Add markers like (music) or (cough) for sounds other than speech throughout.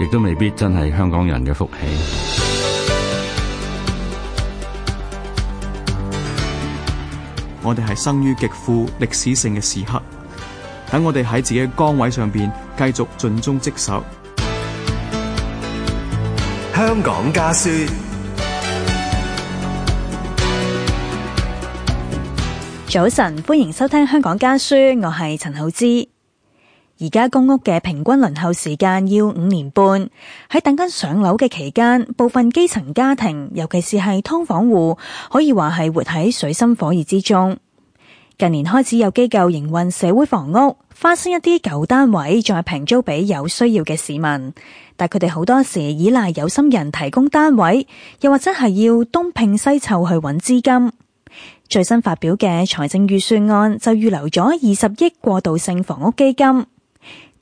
亦都未必真係香港人嘅福氣。我哋係生於極富歷史性嘅時刻，等我哋喺自己嘅崗位上邊繼續盡忠職守。香港家書， (music) 早晨，歡迎收聽《香港家書》，我係陳浩之。而家公屋嘅平均輪候時間要五年半，喺等緊上樓嘅期間，部分基層家庭，尤其是係劏房戶，可以話係活喺水深火熱之中。近年開始有機構營運社會房屋，翻新一啲舊單位，再平租俾有需要嘅市民，但佢哋好多時依賴有心人提供單位，又或者係要東拼西湊去揾資金。最新發表嘅財政預算案就預留咗二十億過渡性房屋基金。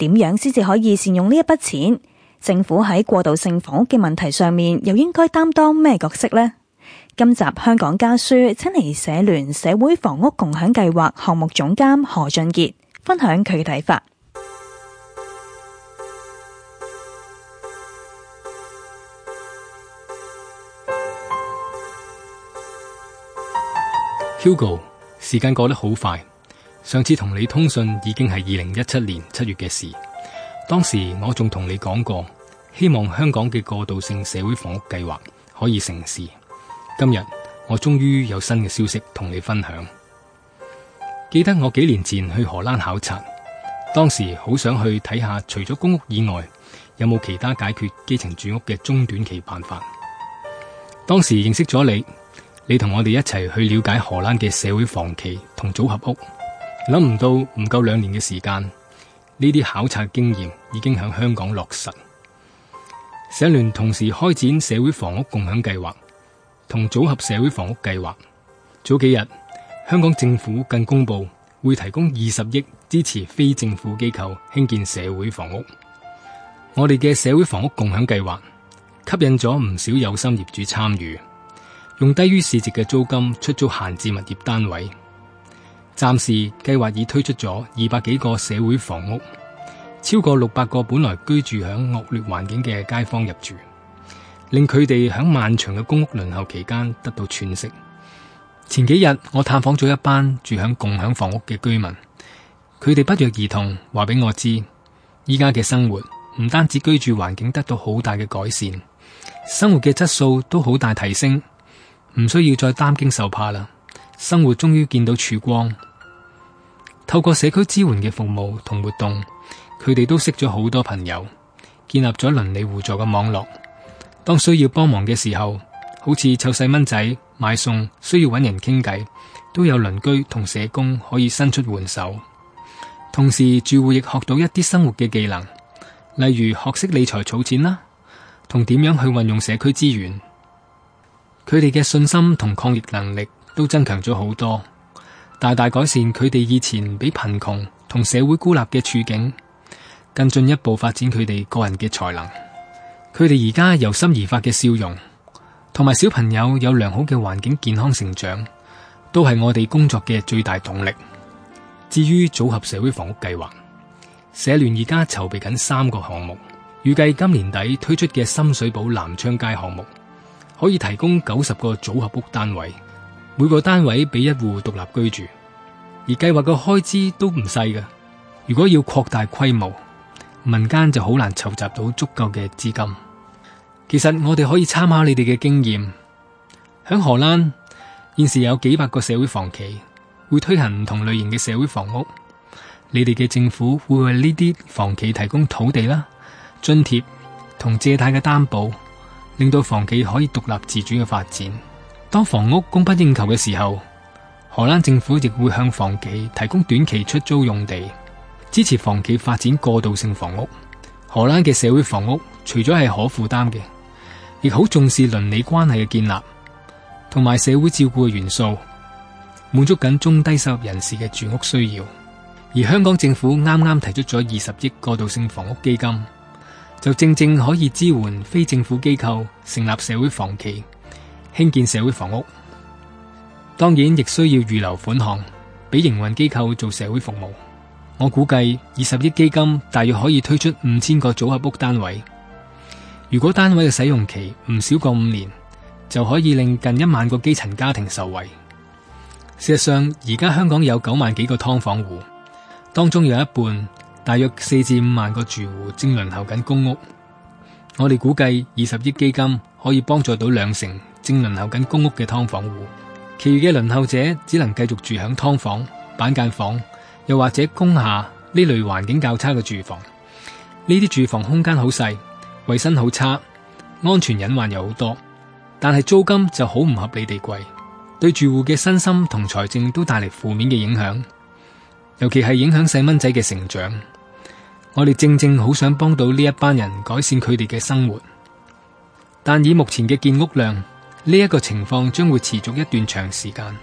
點樣先至可以善用呢一筆錢？政府喺過渡性房屋嘅問題上面又應該擔當咩角色呢？今集《香港家書》，請嚟社聯社會房屋共享計劃項目總監何俊傑分享佢嘅睇法。Hugo，時間過得好快。上次同你通訊已經係二零一七年七月嘅事，當時我仲同你講過，希望香港嘅過渡性社會房屋計劃可以成事。今日我終於有新嘅消息同你分享。記得我幾年前去荷蘭考察，當時好想去睇下，除咗公屋以外，有冇其他解決基層住屋嘅中短期辦法。當時認識咗你，你同我哋一齊去了解荷蘭嘅社會房屋同組合屋。諗唔到不夠兩，唔夠兩年嘅時間，呢啲考察經驗已經喺香港落實。社聯同時開展社會房屋共享計劃同組合社會房屋計劃。早幾日，香港政府更公布會提供二十億支持非政府機構興建社會房屋。我哋嘅社會房屋共享計劃吸引咗唔少有心業主參與，用低於市值嘅租金出租閒置物業單位。暫時計劃已推出咗二百幾個社會房屋，超過六百個本來居住響惡劣環境嘅街坊入住，令佢哋響漫長嘅公屋輪候期間得到喘息。前幾日我探訪咗一班住響共享房屋嘅居民，佢哋不約而同話俾我知，依家嘅生活唔單止居住環境得到好大嘅改善，生活嘅質素都好大提升，唔需要再擔驚受怕啦。生活終於見到曙光，透過社區支援嘅服務同活動，佢哋都識咗好多朋友，建立咗鄰里互助嘅網絡。當需要幫忙嘅時候，好似湊細蚊仔買餸，需要搵人傾偈，都有鄰居同社工可以伸出援手。同時，住戶亦學到一啲生活嘅技能，例如學識理財儲錢啦，同點樣去運用社區資源。佢哋嘅信心同抗逆能力，都增強咗好多，大大改善佢哋以前比貧窮同社會孤立嘅處境，更進一步發展佢哋個人嘅才能。佢哋而家由心而發嘅笑容，同埋小朋友有良好嘅環境健康成長，都係我哋工作嘅最大動力。至於組合社會房屋計劃，社聯而家籌備緊三個項目，預計今年底推出嘅深水埗南昌街項目，可以提供九十個組合屋單位。每個單位俾一戶獨立居住，而計劃嘅開支都唔細㗎。如果要擴大規模，民間就好難籌集到足夠嘅資金。其實我哋可以參考你哋嘅經驗，響荷蘭現時有幾百個社會房企會推行唔同類型嘅社會房屋。你哋嘅政府會為呢啲房企提供土地啦、津貼同借貸嘅擔保，令到房企可以獨立自主嘅發展。當房屋供不應求嘅時候，荷蘭政府亦會向房企提供短期出租用地，支持房企發展過渡性房屋。荷蘭嘅社會房屋除咗係可負擔嘅，亦好重視鄰里關係嘅建立，同埋社會照顧嘅元素，滿足緊中低收入人士嘅住屋需要。而香港政府啱啱提出咗二十億過渡性房屋基金，就正正可以支援非政府機構成立社會房企。興建社會房屋，當然亦需要預留款項俾營運機構做社會服務。我估計二十億基金大約可以推出五千個組合屋單位。如果單位嘅使用期唔少過五年，就可以令近一萬個基層家庭受惠。事實上，而家香港有九萬幾個劏房戶，當中有一半，大約四至五萬個住戶正輪候緊公屋。我哋估計二十億基金可以幫助到兩成。正輪候緊公屋嘅劏房戶，其餘嘅輪候者只能繼續住響劏房、板間房，又或者工廈呢類環境較差嘅住房。呢啲住房空間好細，衛生好差，安全隱患又好多。但係租金就好唔合理地貴，對住戶嘅身心同財政都帶嚟負面嘅影響，尤其係影響細蚊仔嘅成長。我哋正正好想幫到呢一班人改善佢哋嘅生活，但以目前嘅建屋量。呢一個情況將會持續一段長時間，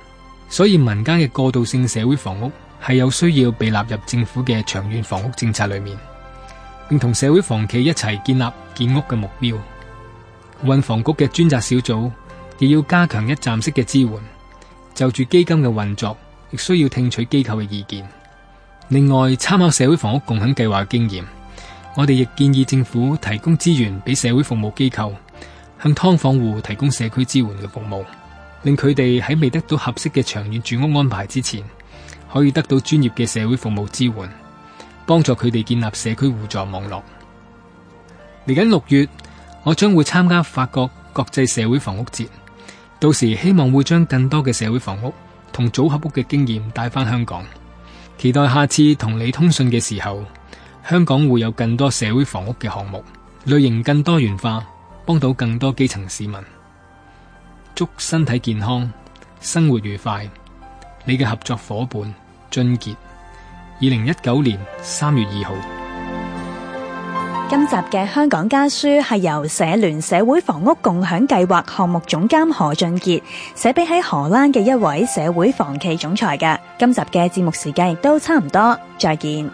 所以民間嘅過渡性社會房屋係有需要被納入政府嘅長遠房屋政策裏面，並同社會房企一齊建立建屋嘅目標。運房局嘅專責小組亦要加強一站式嘅支援，就住基金嘅運作亦需要聽取機構嘅意見。另外，參考社會房屋共享計劃嘅經驗，我哋亦建議政府提供資源俾社會服務機構。向劏房戶提供社區支援嘅服務，令佢哋喺未得到合適嘅長遠住屋安排之前，可以得到專業嘅社會服務支援，幫助佢哋建立社區互助網絡。嚟緊六月，我將會參加法國國際社會房屋節，到時希望會將更多嘅社會房屋同組合屋嘅經驗帶返香港。期待下次同你通訊嘅時候，香港會有更多社會房屋嘅項目，類型更多元化。幫到更多基層市民，祝身體健康，生活愉快。你嘅合作伙伴俊傑，二零一九年三月二號。今集嘅香港家書係由社聯社會房屋共享計劃項目總監何俊傑寫俾喺荷蘭嘅一位社會房企總裁嘅。今集嘅節目時間亦都差唔多，再見。